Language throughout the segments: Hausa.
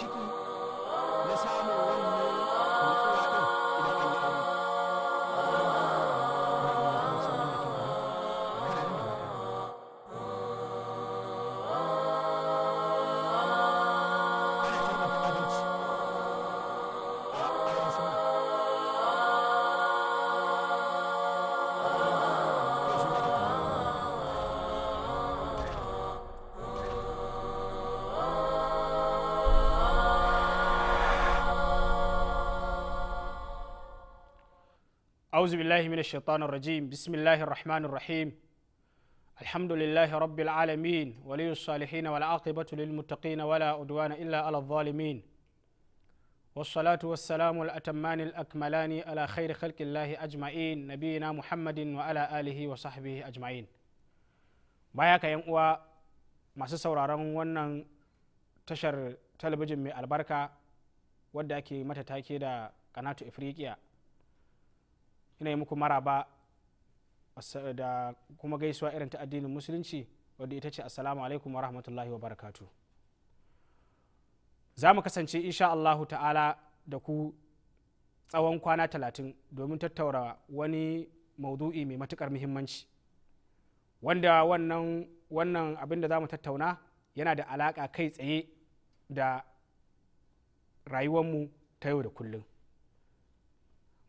마시고 أعوذ بالله من الشيطان الرجيم بسم الله الرحمن الرحيم الحمد لله رب العالمين ولي الصالحين والعاقبة للمتقين ولا أدوان إلا على الظالمين والصلاة والسلام الأتمان الأكملان على خير خلق الله أجمعين نبينا محمد وعلى آله وصحبه أجمعين باياك ينقوى ما سسوراران ونن تشر talabijin mai albarka wadda ake mata take da kanatu ifriqiya ina yi muku maraba da kuma gaisuwa irin ta addinin musulunci wadda ita ce assalamu alaikum wa rahmatullahi wa barakatu za mu kasance insha allahu ta'ala da ku tsawon kwana talatin domin tattaura wani maudu'i mai matukar muhimmanci wanda wannan wannan abin da za mu tattauna yana da alaka kai tsaye da rayuwarmu ta yau da kullum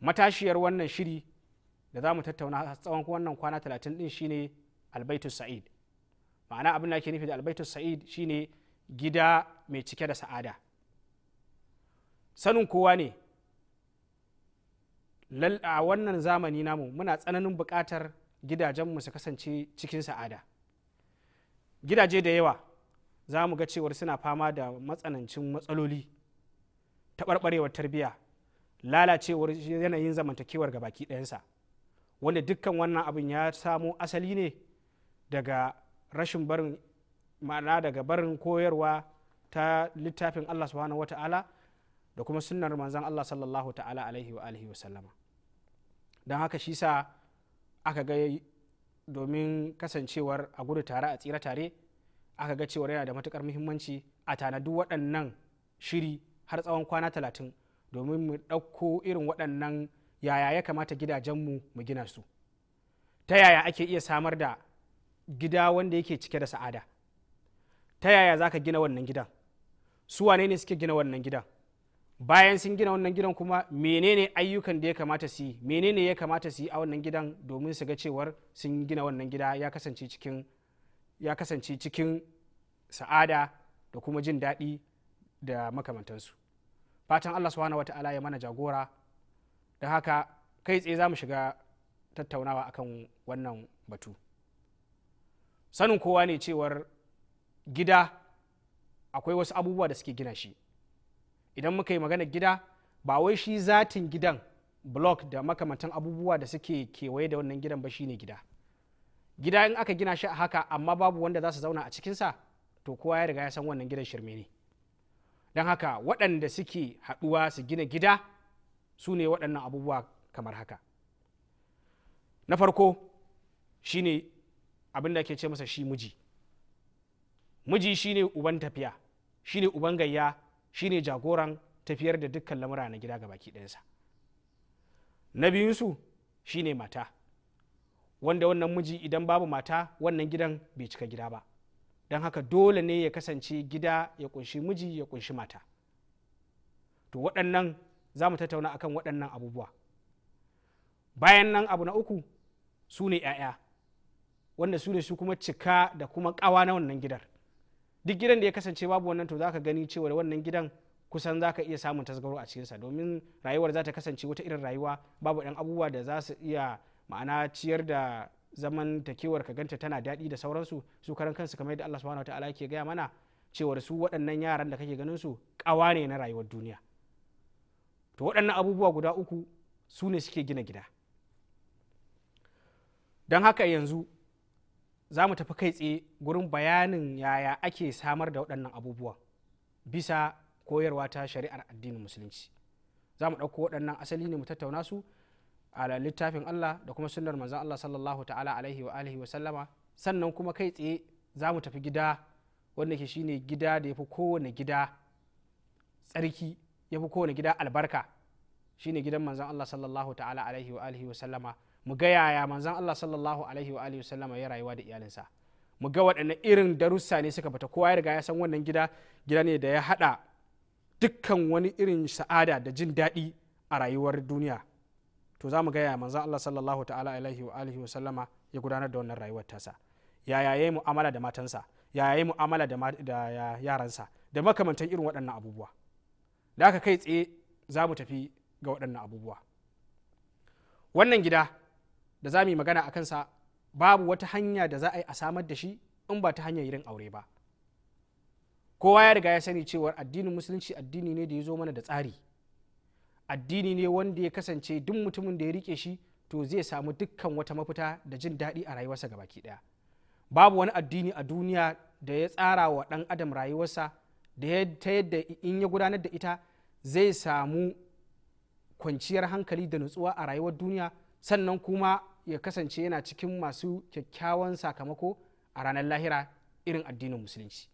matashiyar wannan shiri da za mu tattauna tsawon wannan kwana talatin din shine albaitu sa'id ma'ana abin da ake nufi da albaitu sa'id shine gida mai cike da sa'ada sanin kowa ne a wannan zamani namu muna tsananin buƙatar gidajenmu su kasance cikin sa'ada gidaje da yawa za mu ga cewar suna fama da matsanancin matsaloli taɓarɓarewar tarbiyya lalacewar yanayin zamantakewar ga baki ɗayansa wanda dukkan wannan abin ya samo asali ne daga rashin barin ma'ana daga barin koyarwa ta littafin allah subhanahu wata'ala da kuma sunnar manzan allah sallallahu ta'ala alaihi wa alihi wasallama don haka shi sa aka ga domin kasancewar a gudu tare a tsira tare aka ga cewar yana da matukar muhimmanci a tanadu waɗannan shiri har tsawon kwana talatin domin mu ɗauko irin waɗannan yaya ya kamata gidajenmu mu gina su ta yaya ake iya samar da gida wanda yake cike da sa'ada ta yaya za ka gina wannan gidan su wane ne suke gina wannan gidan bayan sun gina wannan gidan kuma menene ayyukan da ya kamata su yi menene ya kamata su yi a wannan gidan domin su ga cewar sun gina wannan gida ya kasance cikin ya kasance cikin sa'ada da kuma jin daɗi da makamantansu fatan allah subhanahu ta'ala ya mana jagora da haka kai tsaye za mu shiga tattaunawa akan wannan batu sanin kowa ne cewar gida akwai wasu abubuwa da suke gina shi idan muka yi magana gida ba wai shi zatin gidan blok da makamantan abubuwa da suke kewaye da wannan gidan ba shine gida gida in aka gina shi a haka amma babu wanda za su zauna a cikinsa to kowa ya riga ya san wannan gidan shirme ne don haka waɗanda suke haɗuwa su gina gida su ne waɗannan abubuwa kamar haka na farko shine abin da ke ce masa shi muji. miji shine uban tafiya shine uban gayya shine jagoran tafiyar da dukkan lamura na gida baki ɗansa na biyunsu shine mata wanda wannan muji idan babu mata wannan gidan bai cika gida ba don haka dole ne ya kasance gida ya kunshi miji ya kunshi mata to waɗannan za mu tattauna akan waɗannan abubuwa bayan nan abu na uku su ne 'ya'ya wanda su ne su kuma cika da kuma ƙawa na wannan gidan duk gidan da ya kasance babu wannan to za ka gani cewa da wannan gidan kusan za ka iya samun tasgaro a cikinsa domin rayuwar za ta kasance wata irin rayuwa babu ɗan abubuwa da za su iya ma'ana ciyar da zaman takewar ka ganta tana daɗi da sauransu su karan kansu kamar yadda Allah subhanahu wataala yake gaya mana cewar su waɗannan yaran da kake ganin su ƙawa ne na rayuwar duniya to waɗannan abubuwa guda uku su ne suke gina gida don haka yanzu za mu tafi kai tsaye gurin bayanin yaya ake samar da waɗannan abubuwan bisa koyarwa ta shari'ar addinin musulunci za mu ɗauko waɗannan asali ne mu tattauna su a littafin Allah da kuma sunnar manzon Allah sallallahu ta'ala alaihi wa alihi wa sallama sannan kuma kai tsaye za mu tafi gida wanda ke shine gida da ya fi kowane gida tsarki ya fi kowane gida albarka shine gidan manzon Allah sallallahu ta'ala alaihi wa alihi wa sallama mu ga yaya manzon Allah sallallahu alaihi wa alihi wa sallama ya rayuwa da iyalinsa mu ga waɗanne irin darussa ne suka fita kowa ya riga ya san wannan gida gida ne da ya haɗa dukkan wani irin sa'ada da jin daɗi a rayuwar duniya to za mu gaya manzan Allah sallallahu ta'ala alaihi wa alihi wa sallama ya gudanar da wannan rayuwar tasa yaya yayi mu'amala da matansa yaya yayi mu'amala da yaransa da makamantan irin waɗannan abubuwa da aka kai tsaye za mu tafi ga waɗannan abubuwa wannan gida da za mu yi magana a kansa babu wata hanya da za a yi a samar da shi in ba ta hanyar yin aure ba kowa ya riga ya sani cewar addinin musulunci addini ne da ya zo mana da tsari addini ne wanda ya kasance duk mutumin da ya rike shi to zai samu dukkan wata mafita da jin daɗi a rayuwarsa baki ɗaya babu wani addini a duniya da ya tsara wa ɗan adam rayuwarsa da ta yadda in ya gudanar da ita zai samu kwanciyar hankali da nutsuwa a rayuwar duniya sannan kuma ya kasance yana cikin masu kyakkyawan sakamako a ranar lahira irin addinin musulunci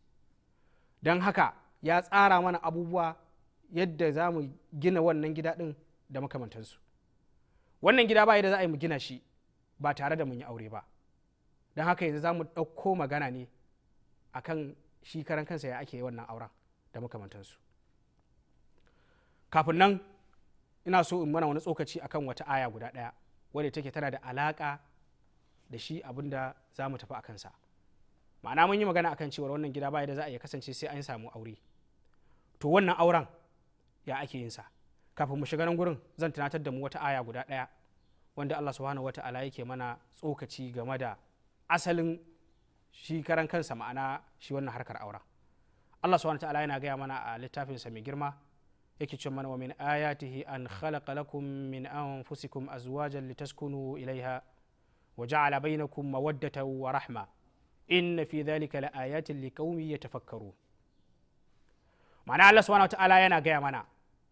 don haka ya tsara mana abubuwa yadda za mu gina wannan gida ɗin da makamantansu wannan gida ba yadda za a yi mu gina shi ba tare da mun yi aure ba don haka yanzu za mu ɗauko magana ne a kan shi karan kansa ya ake wannan auren da makamantansu kafin nan ina so in mana wani tsokaci akan wata aya guda ɗaya wadda take tana da alaƙa da shi abin da za mu tafi a kansa ma'ana mun yi magana akan cewar wannan gida ba yadda za a iya kasance sai an samu aure to wannan auren ya ake yin sa kafin mu shiga nan gurin zan tunatar da mu wata aya guda ɗaya wanda Allah subhanahu wata'ala yake mana tsokaci game da asalin shi karan kansa ma'ana shi wannan harkar aura Allah subhanahu wata'ala yana gaya mana a littafin sa mai girma yake ce mana wa min ayatihi an khalaqa lakum min anfusikum azwajan litaskunu ilaiha wa ja'ala bainakum mawaddatan wa rahma inna fi dhalika laayatin liqaumin yatafakkaru ma'ana Allah subhanahu wata'ala yana gaya mana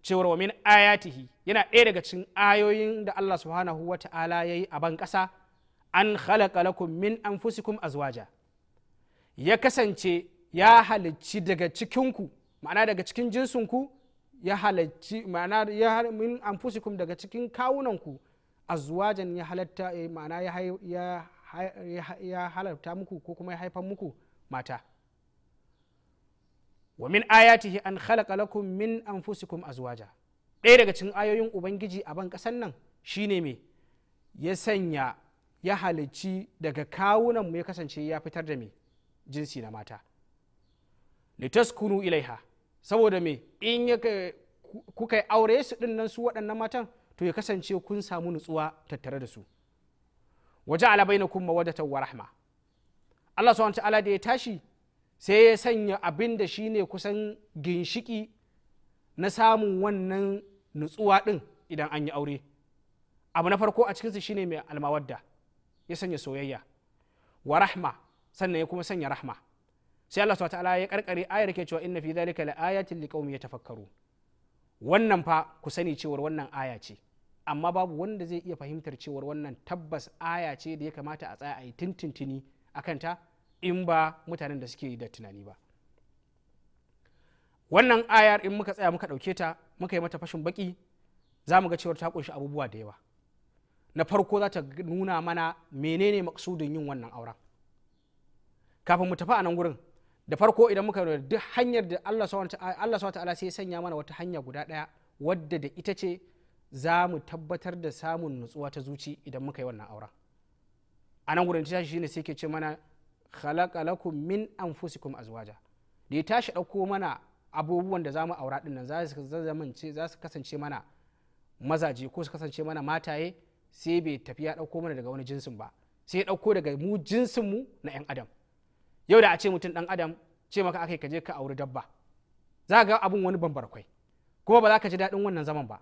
cewar wa min ayatihi yana ɗaya daga cikin ayoyin da Allah subhanahu wa ta'ala ya yi a ban ƙasa an khalaqa lakum min anfusikum azwaja ya kasance ya halicci daga cikinku ma'ana daga cikin jinsinku ya halicci ma'ana ya min anfusikum daga cikin kawunanku azwajan ya halatta eh, ya halarta muku ko kuma ya haifar muku mata wa min ayatihi an khalaqa lakum min anfusikum azwaja ɗaya daga cikin ayoyin ubangiji a ban ƙasan nan shine me ya sanya ya halicci daga kawunan mu ya kasance ya fitar da me jinsi na mata litaskunu ilaiha saboda me in ya kuka yi aure su din nan su waɗannan matan to ya kasance kun samu nutsuwa tattare da su waje alabai na kuma wa rahma Allah subhanahu ta'ala da ya tashi sai ya sanya abin da shi ne kusan ginshiki na samun wannan nutsuwa ɗin idan an yi aure abu na farko a cikinsu shine mai almawadda ya sanya soyayya wa rahma sannan ya kuma sanya rahma sai Allah subhanahu ta'ala ya karkare ayar ke cewa inna fi dhalika laayatin liqaumin yatafakkaru wannan fa ku sani cewar wannan aya ce amma babu wanda zai iya fahimtar cewar wannan tabbas aya ce da ya kamata a tsaya a yi tintintini akan ta in ba mutanen da suke da tunani ba wannan ayar in muka tsaya muka ɗauke ta muka yi mata fashin baki za mu ga cewar ta kunshi abubuwa da yawa na farko za ta nuna mana menene maksudin yin wannan auren kafin mu tafi a nan gurin da farko idan muka lura duk hanyar da Allah subhanahu ta'ala sai sanya mana wata hanya guda ɗaya wadda da ita ce za mu tabbatar da samun nutsuwa ta zuci idan muka yi wannan auren a nan gurin ta shi ne sai ke ce mana khalaqa min anfusikum azwaja da ya tashi ɗauko mana abubuwan da zamu aura din nan za su kasance mana mazaje ko su kasance mana mataye sai bai tafi ya ɗauko mana daga wani jinsin ba sai ya ɗauko daga mu jinsin mu na 'yan adam yau da a ce mutum ɗan adam ce maka akai ka je ka auri dabba za ga abun wani bambarkwai kuma ba za ka ji daɗin wannan zaman ba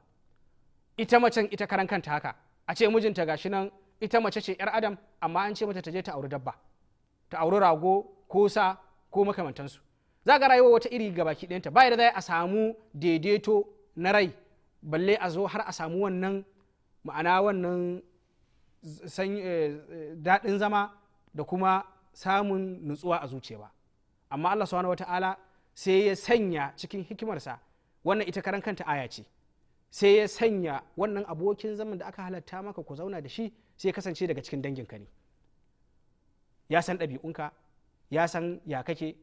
ita macen ita karan kanta haka a ce mijinta gashi nan ita mace ce 'yar adam amma an ce mata ta je ta auri dabba ta auri rago ko sa ko makamantansu za ga rayuwa wata iri ga baki ɗayanta ba da za a samu daidaito na rai balle a zo har a samu wannan ma'ana wannan eh, daɗin zama da kuma samun nutsuwa a zuciya ba amma Allah wata wata'ala sai ya sanya cikin hikimarsa wannan ita karan kanta aya ce sai ya sanya wannan abokin zaman da aka halatta maka ku zauna da shi sai ya kasance daga cikin danginka ne ya san ɗabi'unka ya san ya kake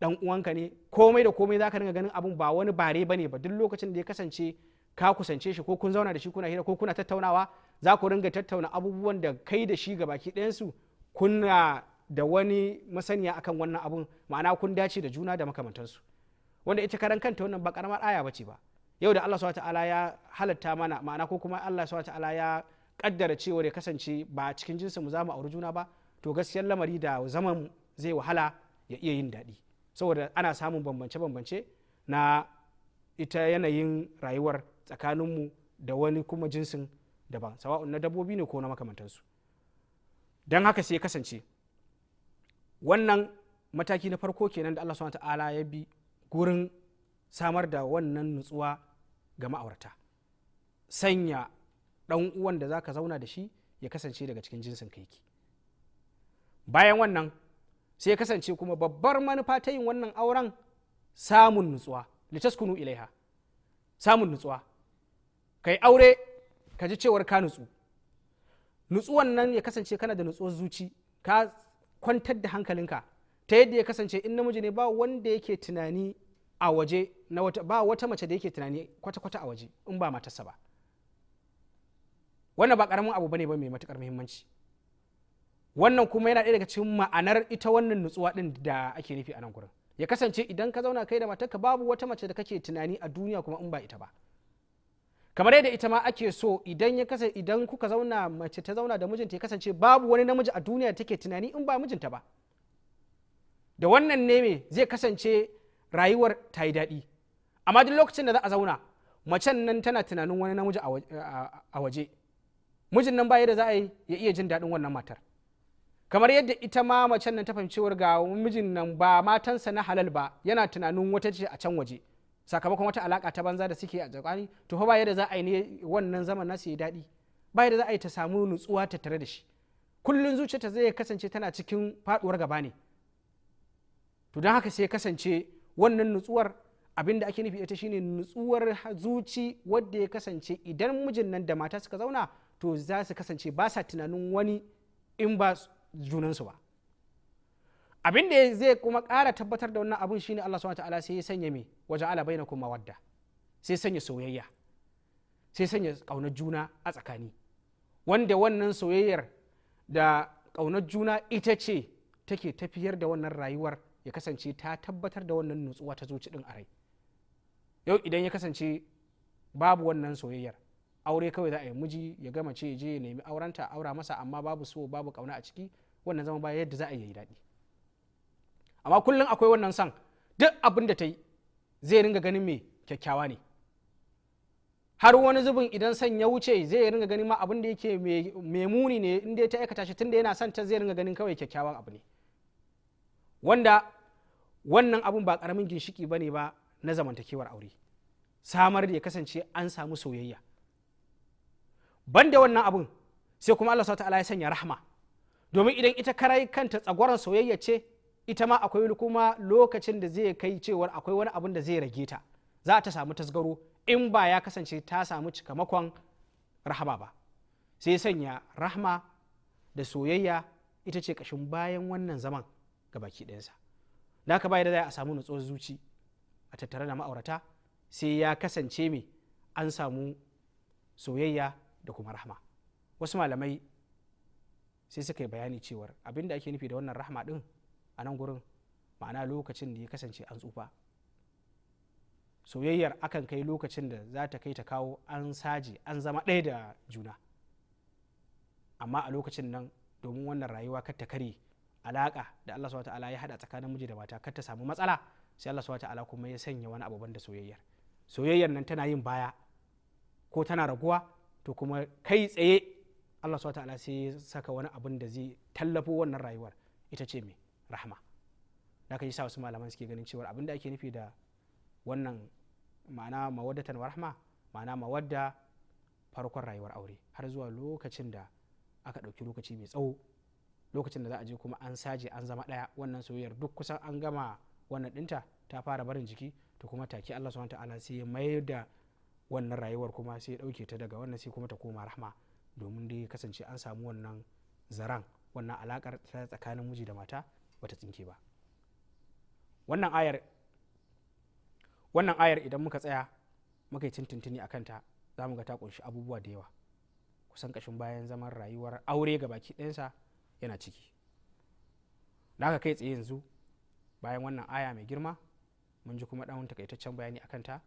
ɗan uwanka ne komai da komai zaka dinga ganin abun ba wani bare bane ba duk lokacin da ya kasance ka kusance shi ko kun zauna da shi kuna hira ko kuna tattaunawa za ku ringa tattauna abubuwan da kai da shi gabaki ɗayansu kuna da wani masaniya akan wannan abun ma'ana kun dace da juna da makamantansu wanda ita karan kanta wannan ba karamar aya bace ba yau da Allah subhanahu ta'ala ya halatta mana ma'ana ko kuma Allah subhanahu ta'ala ya kaddara cewa ya kasance ba cikin jinsin mu za mu auri juna ba to gaskiyar lamari da zaman zai wahala ya iya yin daɗi saboda ana samun bambance-bambance na ita yanayin rayuwar tsakaninmu da wani kuma jinsin daban sawa'un na dabbobi ne ko na makamantansu don haka sai kasance wannan mataki na farko kenan da allah subhanahu ta'ala ya bi gurin samar da wannan nutsuwa ga ma'aurata sanya ɗan uwan da za ka zauna da shi ya kasance daga cikin jinsin kaiki bayan wannan sai kasance kuma babbar manufa ta yin wannan auren samun nutsuwa litaskunu ilaiha samun nutsuwa kai aure ka ji cewar ka nutsu nutsuwan nan ya kasance kana da nutsuwar zuci ka kwantar da hankalinka ta yadda ya kasance in namiji ne ba wanda yake tunani a waje na wata ba wata mace da yake tunani kwata-kwata a waje in ba matarsa ba wannan ba karamin abu bane ba mai matukar muhimmanci wannan kuma yana ɗaya daga cikin ma'anar ita wannan nutsuwa ɗin da ake nufi a nan gurin ya kasance idan ka zauna kai da matarka babu wata mace da kake tunani a duniya kuma in ba ita ba kamar yadda ita ma ake so idan ya kasance idan kuka zauna mace ta zauna da mijinta ya kasance babu wani namiji a duniya take tunani in ba mijinta ba da wannan ne me zai kasance rayuwar ta yi daɗi amma duk lokacin da za a zauna macen nan tana tunanin wani namiji a waje mijin nan ba yadda za a yi ya iya jin daɗin wannan matar kamar yadda ita ma macen nan ta fahimciwar ga mijin nan ba matansa na halal ba yana tunanin wata ce a can waje sakamakon wata alaka ta banza da suke a jakwani to fa ba yadda za a yi wannan zaman nasu ya daɗi ba yadda za a yi ta samu nutsuwa ta tare da shi kullun zuciyarta zai kasance tana cikin faɗuwar gaba ne to don haka sai ya kasance wannan nutsuwar abin da ake nufi ita shine nutsuwar zuci wadda ya kasance idan mijin nan da mata suka zauna to za su kasance ba sa tunanin wani in ba junansu ba abin da zai kuma ƙara tabbatar da wannan abin shine Allah subhanahu wataala sai ya sanya me waje ala bainakum mawadda sai sanya soyayya sai sanya ƙaunar juna a tsakani wanda wannan soyayyar da ƙaunar juna ita ce take tafiyar da wannan rayuwar ya kasance ta tabbatar da wannan nutsuwa ta zuci din a yau idan ya kasance babu wannan soyayyar aure kawai za a yi miji ya gama ce je ya nemi aurenta aura masa amma babu so babu kauna a ciki wannan zaman baya yadda za a yi daɗi amma kullum akwai wannan san duk abin da ta yi zai ringa ganin mai kyakkyawa ne har wani zubin idan san ya wuce zai ringa ganin ma abin da yake mai muni ne inda ta aikata shi tunda yana son ta zai ringa ganin kawai kyakkyawan abu ne wanda wannan abun ba karamin ginshiki ba ne ba na zamantakewar aure samar da ya kasance an samu soyayya banda wannan abun sai kuma Allah ta'ala ya sanya rahma domin idan ita karai kanta tsagwaron soyayya ce ita ma akwai kuma lokacin da zai kai cewar akwai wani abun da zai rage ta za ta samu tasgaro in ba ya kasance ta samu cikamakon rahama ba sai sanya rahma da soyayya ita ce kashin bayan wannan zaman ga baki ɗansa da aka bayar da za a samu nutsuwar zuci a tattare da ma'aurata sai ya kasance mai an samu soyayya da kuma rahma wasu malamai sai suka yi bayani cewar abin da ake nufi da wannan rahma din a nan gurin ma'ana lokacin da ya kasance an tsufa soyayyar akan kai lokacin da za ta kai ta kawo an saje an zama ɗaya da juna amma a lokacin nan domin wannan rayuwa kar ta kare alaƙa da Allah subhanahu ya haɗa tsakanin miji da mata kar ta samu matsala sai Allah subhanahu kuma ya sanya wani abu da soyayyar soyayyar nan tana yin baya ko tana raguwa to kuma kai tsaye Allah subhanahu ta'ala sai saka wani abun da zai tallafo wannan rayuwar ita ce mai rahma da aka yi sa wasu malaman suke ganin cewa abin da ake nufi da wannan ma'ana mawaddatan wa rahma ma'ana mawadda farkon rayuwar aure har zuwa lokacin da aka ɗauki lokaci mai tsawo lokacin da za a je kuma an saje an zama ɗaya wannan soyayyar duk kusan an gama wannan ɗinta ta fara barin jiki to kuma take Allah sa ta'ala sai ya mayar da wannan rayuwar kuma sai ya ɗauke ta daga wannan sai kuma ta koma rahma domin dai kasance an samu wannan zaran wannan alakar ta tsakanin miji da mata bata tsinke ba wannan ayar wannan ayar idan muka tsaya muka yi tuntuntuni akan ta za mu ga ta kunshi abubuwa da yawa kusan kashin bayan zaman rayuwar aure ga baki ɗayansa yana ciki da aka kai tsaye yanzu bayan wannan aya mai girma mun ji kuma ɗan takaitaccen bayani akan ta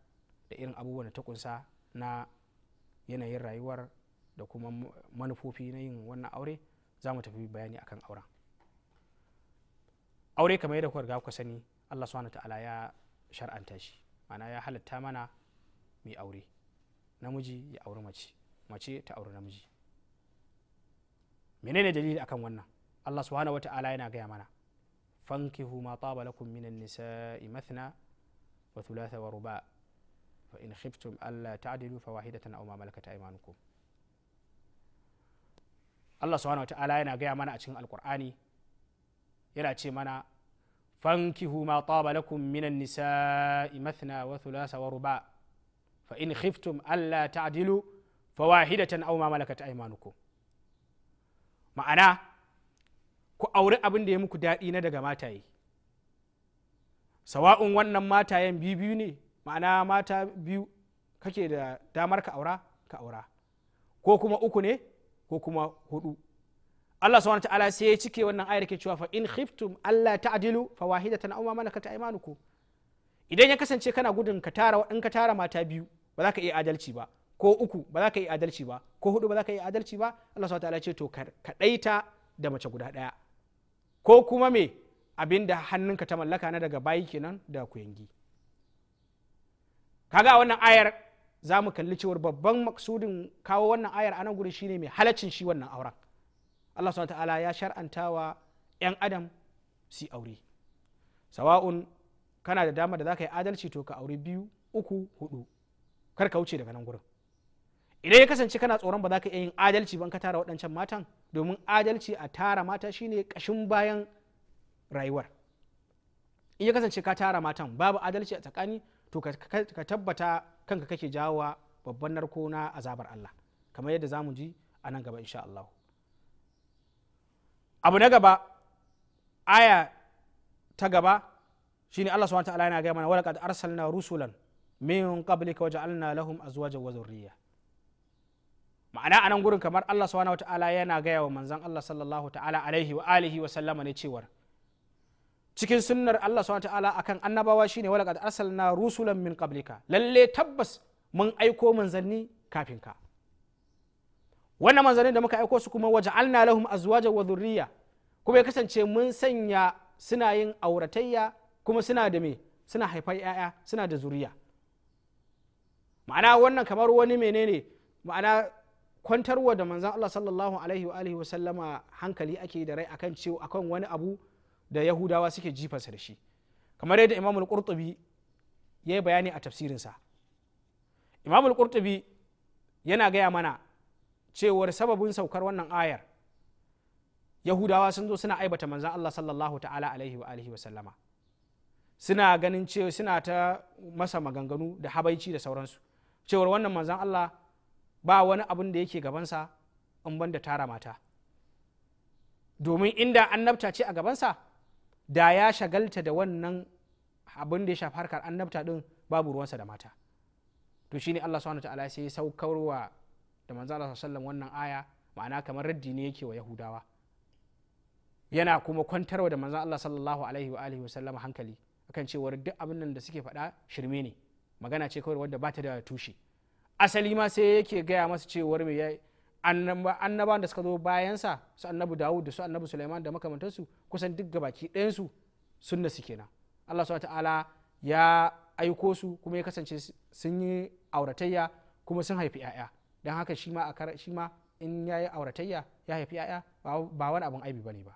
da irin abubuwan da ta kunsa na yanayin rayuwar da kuma manufofi na yin wannan aure za mu tafi bayani akan auren aure kamar yadda kuka riga kuka sani Allah subhanahu ta'ala ya shar'anta shi ma'ana ya halatta mana mai aure namiji ya auri mace mace ta auri namiji menene dalili akan wannan Allah subhanahu wata'ala yana gaya mana fankihu ma taba lakum minan nisa'i mathna wa thulatha wa ruba fa in khiftum alla ta'dilu fawahidatan aw ma malakat aymanukum Allah subhanahu wata'ala yana gaya mana a cikin alkur'ani yana ce mana fankihu ma taba lakum minan nisa'i mathna wa thulasa wa ruba fa in khiftum alla ta'dilu ta aw ma malakat aymanukum ma'ana ku auri abin da ya muku daɗi na daga mataye sawa'un wannan matayen biyu biyu ne ma'ana mata biyu kake da damar ka aura ka aura ko kuma uku ne ko kuma hudu Allah subhanahu ta'ala sai ya cike wannan ayar ke cewa fa in khiftum Allah ta'dilu fa wahidatan aw ma malakat aymanukum idan ya kasance kana gudun ka tara in ka tara mata biyu ba za ka iya adalci ba ko uku ba za ka iya adalci ba ko hudu ba za ka iya adalci ba Allah subhanahu ta'ala ce to ta da mace guda daya ko kuma me abinda hannunka ta mallaka na daga bayi kenan da kuyangi kaga wannan ayar za mu kalli cewar babban maksudin kawo wannan ayar a nan guri shine mai halaccin shi wannan auren Allah subhanahu ta'ala ya shar'anta wa 'yan adam si aure sawa'un kana da dama da za ka yi adalci to ka aure biyu uku hudu kar ka wuce daga nan gurin idan ya kasance kana tsoron ba za ka iya yin adalci ban ka tara waɗancan matan domin adalci a tara mata shine ƙashin bayan rayuwar in ya kasance ka tara matan babu adalci a tsakani to ka tabbata kanka kake jawowa babban narko na azabar Allah kamar yadda zamu ji a nan gaba insha Allah abu na gaba aya ta gaba shine Allah subhanahu wataala yana gaya mana walaqad arsalna rusulan min qablika waja'alna lahum azwajan wa dhurriyya ma'ana anan gurin kamar Allah subhanahu wataala yana gaya wa manzon Allah sallallahu ta'ala alaihi wa alihi wa sallama ne cewar cikin sunnar Allah subhanahu ta'ala akan annabawa shine wala qad arsalna rusulan min qablika lalle tabbas mun aiko manzanni kafin ka wannan manzanni da muka aiko su kuma waja'alna lahum azwaja wa dhurriya kuma ya kasance mun sanya suna yin auratayya kuma suna da me suna haifar yaya suna da zuriya ma'ana wannan kamar wani menene ma'ana kwantarwa da manzan Allah sallallahu alaihi wa alihi wa sallama hankali ake da rai akan ciwo akan wani abu da yahudawa suke jifarsa da shi kamar yadda imam al-qurtubi ya yi bayani a tafsirinsa imam al-qurtubi yana gaya mana cewar sababin saukar wannan ayar yahudawa sun zo suna aibata manzan allah sallallahu ta'ala alaihi wa alihi sallama suna ganin cewa suna ta masa maganganu da habaici da sauransu cewar wannan manzan allah ba wani abin da yake gabansa in banda tara mata domin inda annabta ce a gabansa da ya shagalta da wannan abin da ya shafi harkar annabta din babu ruwansa da mata to shine Allah subhanahu ta'ala sai ya saukarwa da manzo Allah sallallahu wannan aya ma'ana kamar raddi ne yake wa yahudawa yana kuma kwantarwa da manzo Allah sallallahu alaihi wa alihi wasallam hankali akan cewar duk abin nan da suke faɗa shirme ne magana ce kawai wanda ba ta da tushe asali ma sai yake gaya masa cewar me annabawan da suka zo bayansa su annabi dawud da su annabi Suleiman da makamantansu kusan duk gabaki ɗayansu sunna su kenan allah subhanahu ta'ala ya aiko su kuma ya kasance sun yi auratayya kuma sun haifi 'ya'ya don haka shi ma in ya yi auratayya ya haifi 'ya'ya ba wani abin aibi bane ba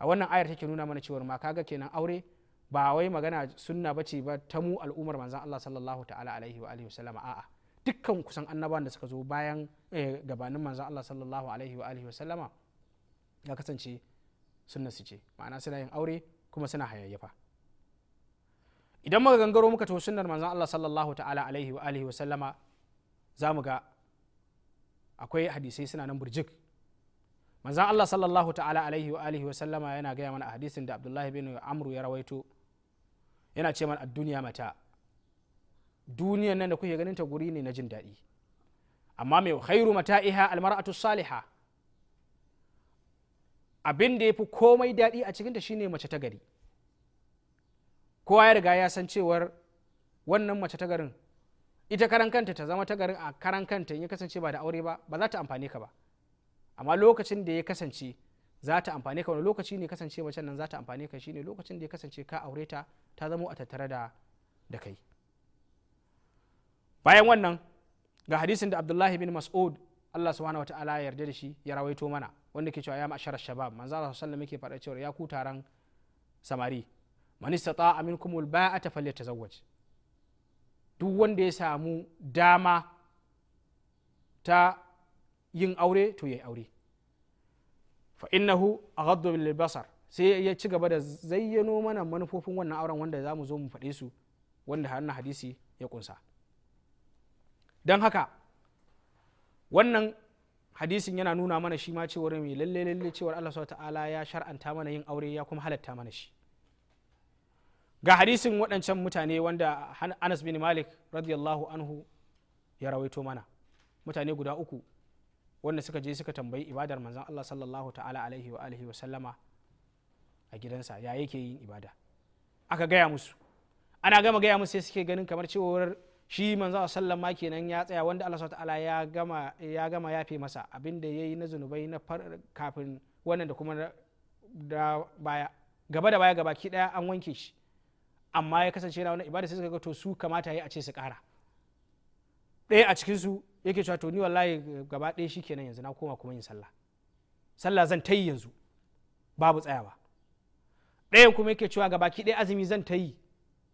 a wannan ayar take nuna mana cewar ma kaga kenan aure ba wai magana sunna bace ba ta mu al'ummar manzon allah sallallahu ta'ala alaihi wa alihi wa a'a dukkan kusan annabawan da suka zo bayan eh, gabanin manzon Allah sallallahu alaihi wa alihi wa sallama ya kasance sunna su ce ma'ana suna yin aure kuma suna hayayyafa idan muka gangaro muka tafi sunnar manzon Allah sallallahu ta'ala alaihi wa alihi wa sallama za mu ga akwai hadisai suna nan burjik manzon Allah sallallahu ta'ala alaihi wa alihi wa sallama yana gaya mana a hadisin da Abdullahi bin Amru ya rawaito yana ce mana ad-dunya mata' duniyan nan da kuke ganin ta guri ne na jin daɗi amma mai khairu mata'iha almar'atu saliha abin da ya fi komai daɗi a cikinta shine mace ta gari kowa ya riga ya san cewar wannan mace ta garin ita karan kanta ta zama ta garin a karan kanta in ya kasance ba da aure ba ba za ta amfane ka ba amma lokacin da ya kasance za ta amfane ka wani lokaci ne kasance macen nan za ta amfane ka shine lokacin da ya kasance ka aure ta ta zama a tattare da kai bayan wannan ga hadisin da abdullahi bin mas'ud Allah subhanahu wata'ala ya yarda da shi ya rawaito mana wanda ke cewa ya ma'ashar shabab manzo Allah sallallahu alaihi faɗa cewa ya ku taron samari man istata'a minkumul ta falyatazawwaj duk wanda ya samu dama ta yin aure to ya yi aure fa innahu aghaddu lil basar sai ya ci gaba da zayyano mana manufofin wannan auren wanda za mu zo mu faɗe su wanda hannun hadisi ya kunsa don haka wannan hadisin yana nuna mana shi ma cewar mai lalle lalle cewar Allah s.w.t. ya shar'anta mana yin aure ya kuma halatta mana shi ga hadisin waɗancan mutane wanda Anas bin Malik radiyallahu anhu ya rawaito mana mutane guda uku wanda suka je suka tambayi ibadar manzan Allah sallallahu ta'ala alaihi wa alihi wa sallama a gidansa ya yake yin ibada aka gaya musu ana gama gaya musu sai suke ganin kamar cewar shi manzo sallam ma kenan ya tsaya wanda Allah ta'ala ya gama ya gama yafe masa abinda da yayi na zunubai na kafin wannan da kuma da baya gaba da baya gaba ki daya an wanke shi amma ya kasance na wannan ibada sai suka ga to su kamata yi a ce su kara ɗaya a cikin su yake cewa to ni wallahi gaba ɗaya shi kenan yanzu na koma kuma yin sallah sallah zan tayi yanzu babu tsayawa ɗayan kuma yake cewa gaba ki ɗaya azumi zan ta yi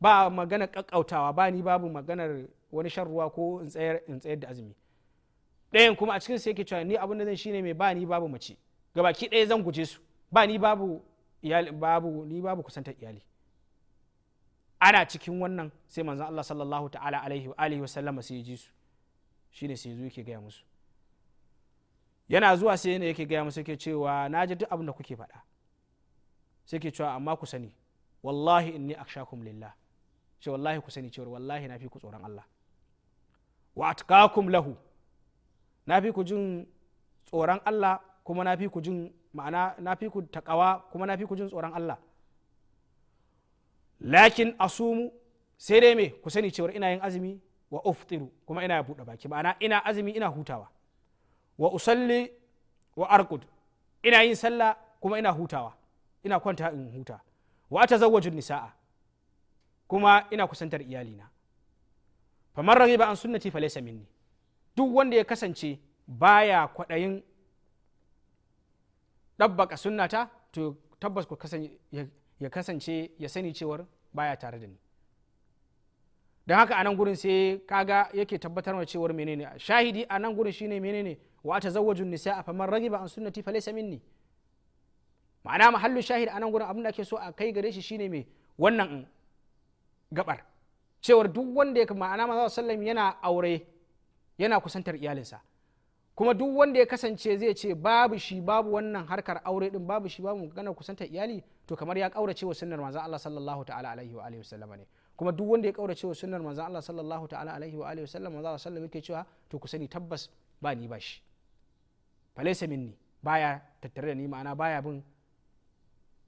ba magana kakkautawa ba ni babu maganar wani shan ruwa ko in tsayar da azumi ɗayan kuma a cikin su yake cewa ni abin da zan shine mai ba ni babu mace gabaki ɗaya zan guje su ba ni babu iyali babu ni babu kusantar iyali ana cikin wannan sai manzon Allah sallallahu ta'ala alaihi wa alihi wa sallama sai ya ji su shine sai ya zo yake gaya musu yana zuwa sai yana yake gaya musu yake cewa na ji duk abin da kuke faɗa sai ke cewa amma ku sani wallahi inni akshakum lillah ce wallahi ku sani cewar wallahi na fi ku tsoron Allah wa atqakum lahu na fi ku jin tsoron Allah kuma na fi ku jin ma'ana na fi ku takawa kuma na fi ku jin tsoron Allah lakin asumu sai dai me ku sani cewar ina yin azumi wa uftiru kuma ina buɗe baki ma'ana ina azumi ina hutawa wa usalli wa arqud ina yin sallah kuma ina hutawa ina kwanta in huta wa atazawwaju nisa'a kuma ina kusantar iyalina famar rage ba an sunnati falaisa minni duk wanda ya kasance baya kwaɗayin ɗabbaka sunnata to tabbas ku ya kasance ya sani cewar baya tare da ni don haka a nan gurin sai kaga yake tabbatar da cewar menene shahidi a nan gurin shine menene wa ta zawajun nisa a rage ba an sunnati falaisa minni ma'ana mahallin shahid a nan gurin abin da ake so a kai gare shi shine mai wannan gabar cewar duk wanda ya ma'ana maza sallam yana aure yana kusantar iyalinsa kuma duk wanda ya kasance zai ce babu shi babu wannan harkar aure din babu shi babu gana kusantar iyali to kamar ya kaurace wa sunnar manzon Allah sallallahu ta'ala alaihi wa alihi Sallama ne kuma duk wanda ya kaurace wa sunnar manzon Allah sallallahu ta'ala alaihi wa alihi Sallama manzon sallam yake cewa to ku sani tabbas ba ni ba shi falaysa minni baya tattare da ni ma'ana baya bin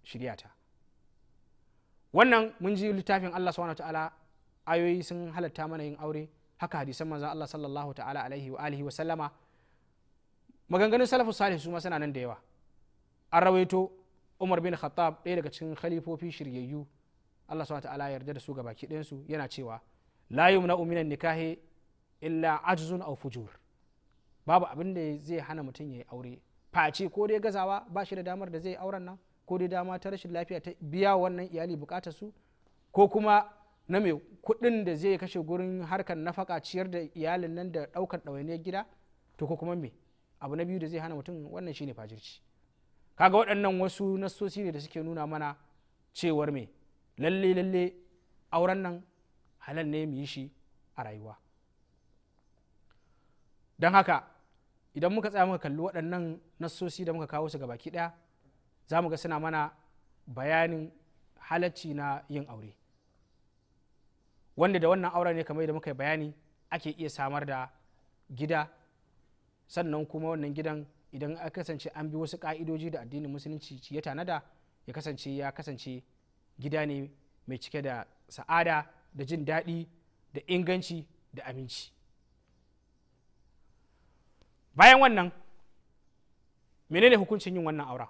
shiryata wannan mun ji littafin Allah subhanahu ta'ala ayoyi sun halatta mana yin aure haka hadisan manzon Allah sallallahu ta'ala alaihi wa alihi wa sallama maganganun salafu salih su ma suna nan da yawa an rawaito Umar bin Khattab ɗaya daga cikin khalifofi shiryayyu Allah subhanahu ta'ala yarda da su ga baki ɗayan su yana cewa la yumna uminan nikahi illa ajzun aw fujur babu abin da zai hana mutum ya yi aure face ko dai gazawa ba shi da damar da zai auren nan ko dai dama ta rashin lafiya ta biya wannan iyali bukatar su ko kuma na mai kuɗin da zai kashe gurin harkar nafaka ciyar da iyalin nan da ɗaukar ɗawainiyar gida to ko kuma me abu na biyu da zai hana mutum wannan shine fajirci kaga waɗannan wasu nassosi ne da suke nuna mana cewar me lalle lalle auren nan halal ne mu yi shi a rayuwa don haka idan muka tsaya muka kalli waɗannan nassosi da muka kawo su ga baki ɗaya za mu ga suna mana bayanin halacci na yin aure wanda da wannan aure ne kamar yadda muka yi bayani ake iya samar da gida sannan kuma wannan gidan idan a kasance an bi wasu ka'idoji da addinin musulunci ya tanada ya kasance ya kasance gida ne mai cike da sa'ada da jin daɗi da inganci da aminci bayan wannan menene hukuncin yin wannan aura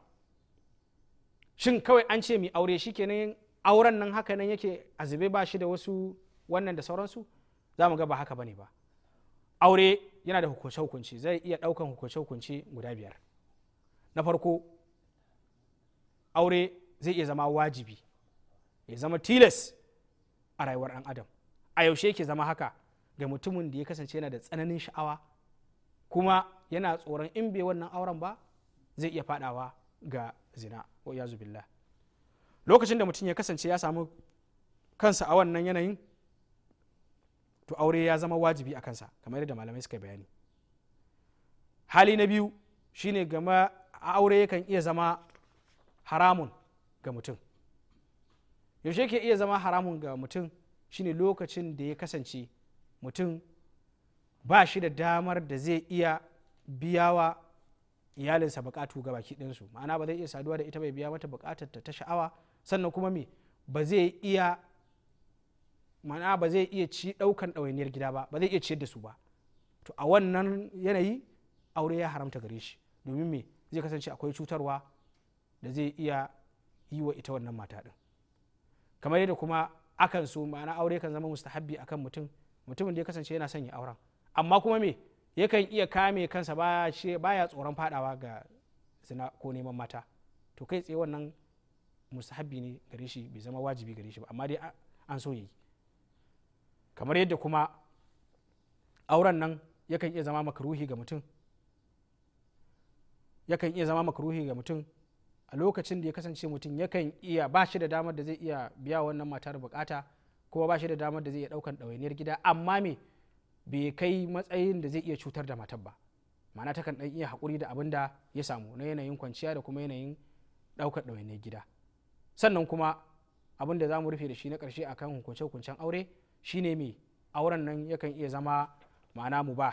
shin kawai an ce mai aure shi kenan auren nan haka nan yake azube ba shi da wasu wannan da sauransu za mu ga ba haka bane ba aure yana da hukunce hukunci zai iya ɗaukan hukunce hukunci guda biyar na farko aure zai iya zama wajibi ya zama tilas a rayuwar ɗan adam a yaushe yake zama haka ga mutumin da ya kasance yana da tsananin sha'awa kuma yana tsoron in bai wannan auren ba zai iya faɗawa ga zina ya zubilla lokacin da mutum ya kasance ya samu kansa a wannan yanayin to aure ya zama wajibi a kansa kamar yadda malamai suka bayani hali na biyu shine gama aure yakan iya zama haramun ga mutum yaushe ke iya zama haramun ga mutum shine lokacin da ya kasance mutum ba shi da damar da zai iya biyawa iyalinsa bukatu ga baki ɗinsu ma'ana ba zai iya saduwa da ita bai biya mata bukatar ta sha'awa sannan kuma me ba zai iya ma'ana ba zai iya ci ɗaukan ɗawainiyar gida ba ba zai iya ciyar da su ba to a wannan yanayi aure ya haramta gare shi domin me zai kasance akwai cutarwa da zai iya yi wa ita wannan mata ɗin kamar yadda kuma akan so ma'ana aure kan zama mustahabbi akan mutum mutumin da ya kasance yana son ya auren amma kuma me yakan iya kame kansa baya tsoron fadawa ga zina ko neman mata to kai tsaye wannan musahabi ne gare shi bai zama wajibi gare shi ba amma dai an so yi kamar yadda kuma auren nan yakan iya zama makaruhi ga mutum yakan iya zama makaruhi ga mutum a lokacin da ya kasance mutum yakan iya ba shi da damar da zai iya biya wannan matar bukata kuma ba shi da damar da zai iya daukan ɗawainiyar gida amma me bai kai matsayin da zai iya cutar da matar ba ma'ana takan ɗan iya haƙuri da abin da ya samu na yanayin kwanciya da kuma yanayin ɗaukar ɗawainiyar gida sannan kuma abin da za mu rufe da shi na ƙarshe akan hukunce-hukuncen aure shi ne mai auren nan yakan iya zama ma'ana mu ba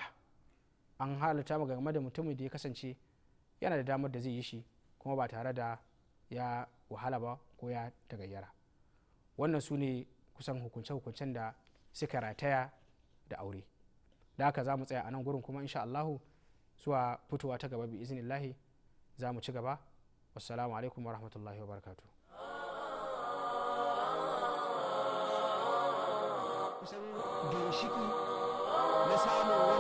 an halarta mu game da mutumin da ya kasance yana da damar da zai yi shi kuma ba tare da ya wahala ba ko ya tagayyara wannan su ne kusan hukunce-hukuncen da suka rataya da aure da haka za mu tsaya a nan gurin kuma insha Allahu zuwa fitowa ta gaba bi iznillahi za mu ci gaba wassalamu alaikum wa rahmatullahi wa barakatu kusan ginshiki na samun